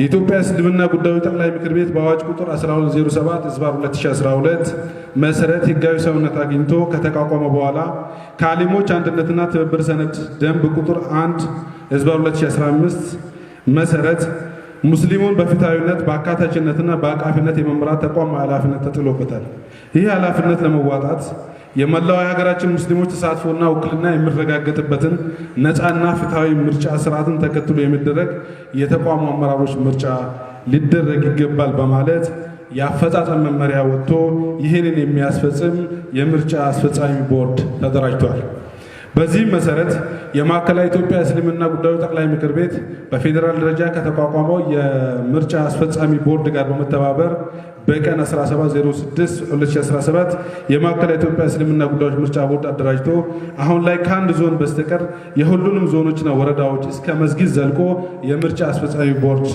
የኢትዮጵያ እስልምና ጉዳዮች ጠቅላይ ምክር ቤት በአዋጅ ቁጥር 1207 ዝባ 2012 መሰረት ህጋዊ ሰውነት አግኝቶ ከተቋቋመ በኋላ ከአሊሞች አንድነትና ትብብር ሰነድ ደንብ ቁጥር 1 ዝባ 2015 መሰረት ሙስሊሙን በፍትሐዊነት በአካታችነትና በአቃፊነት የመምራት ተቋም ኃላፊነት ተጥሎበታል። ይህ ኃላፊነት ለመዋጣት የመላው የሀገራችን ሙስሊሞች ተሳትፎና ውክልና የሚረጋገጥበትን ነፃና ፍትሐዊ ምርጫ ስርዓትን ተከትሎ የሚደረግ የተቋሙ አመራሮች ምርጫ ሊደረግ ይገባል በማለት የአፈጻጸም መመሪያ ወጥቶ ይህንን የሚያስፈጽም የምርጫ አስፈጻሚ ቦርድ ተደራጅቷል። በዚህም መሰረት የማዕከላዊ ኢትዮጵያ እስልምና ጉዳዮች ጠቅላይ ምክር ቤት በፌዴራል ደረጃ ከተቋቋመው የምርጫ አስፈጻሚ ቦርድ ጋር በመተባበር በቀን 1706/2017 የማዕከላዊ ኢትዮጵያ እስልምና ጉዳዮች ምርጫ ቦርድ አደራጅቶ አሁን ላይ ከአንድ ዞን በስተቀር የሁሉንም ዞኖችና ወረዳዎች እስከ መስጊድ ዘልቆ የምርጫ አስፈጻሚ ቦርድ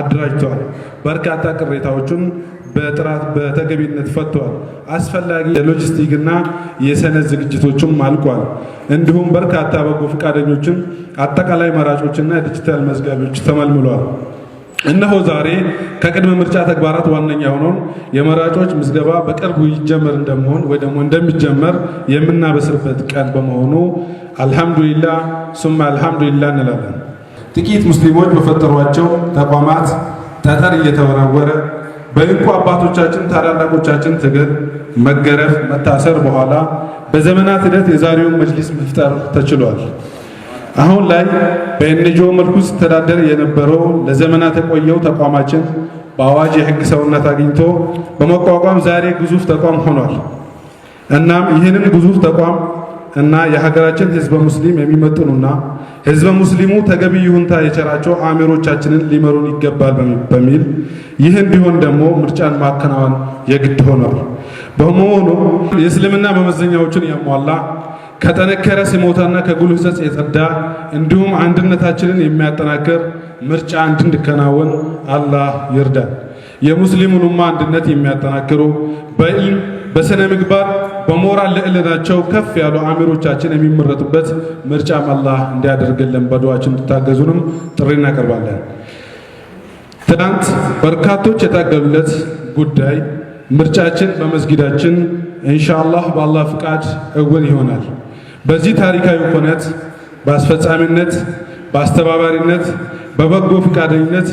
አደራጅተዋል። በርካታ ቅሬታዎቹን በጥራት በተገቢነት ፈቷል። አስፈላጊ የሎጂስቲክና የሰነድ ዝግጅቶችም አልቋል። እንዲሁም በርካታ በጎ ፈቃደኞችን፣ አጠቃላይ መራጮችና ዲጂታል መዝጋቢዎች ተመልምሏል። እነሆ ዛሬ ከቅድመ ምርጫ ተግባራት ዋነኛ የሆነውን የመራጮች ምዝገባ በቅርቡ ይጀመር እንደመሆን ወይ ደግሞ እንደሚጀመር የምናበስርበት ቀን በመሆኑ አልሐምዱሊላ ሱማ አልሐምዱሊላ እንላለን። ጥቂት ሙስሊሞች በፈጠሯቸው ተቋማት ጠጠር እየተወረወረ በእንቁ አባቶቻችን ታላላቆቻችን ትግል፣ መገረፍ፣ መታሰር በኋላ በዘመናት ሂደት የዛሬውን መጅሊስ መፍጠር ተችሏል። አሁን ላይ በኤንጂኦ መልኩ ሲተዳደር የነበረው ለዘመናት የቆየው ተቋማችን በአዋጅ የሕግ ሰውነት አግኝቶ በመቋቋም ዛሬ ግዙፍ ተቋም ሆኗል። እናም ይህንን ግዙፍ ተቋም እና የሀገራችን ህዝበ ሙስሊም የሚመጥኑና ህዝበ ሙስሊሙ ተገቢ ይሁንታ የቸራቸው አሚሮቻችንን ሊመሩን ይገባል በሚል ይህ እንዲሆን ደግሞ ምርጫን ማከናወን የግድ ሆኗል። በመሆኑ የእስልምና መመዘኛዎችን ያሟላ ከጠነከረ ስሞታና ከጉልህ ሰጽ የጸዳ እንዲሁም አንድነታችንን የሚያጠናክር ምርጫ እንድንከናወን አላህ ይርዳል። የሙስሊሙን ኡማ አንድነት የሚያጠናክሩ በኢልም በሥነ ምግባር በሞራል ልዕልናቸው ከፍ ያሉ አሚሮቻችን የሚመረጡበት ምርጫም አላህ እንዲያደርግልን በዱዓችን እንድታገዙንም ጥሪ እናቀርባለን። ትናንት በርካቶች የታገሉለት ጉዳይ ምርጫችን በመስጊዳችን ኢንሻአላህ በአላህ ፍቃድ እውን ይሆናል። በዚህ ታሪካዊ ኩነት በአስፈጻሚነት፣ በአስተባባሪነት፣ በበጎ ፈቃደኝነት፣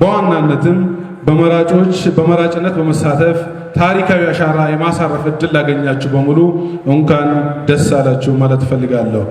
በዋናነትም በመራጮች በመራጭነት በመሳተፍ ታሪካዊ አሻራ የማሳረፍ እድል ላገኛችሁ በሙሉ እንኳን ደስ አላችሁ ማለት እፈልጋለሁ።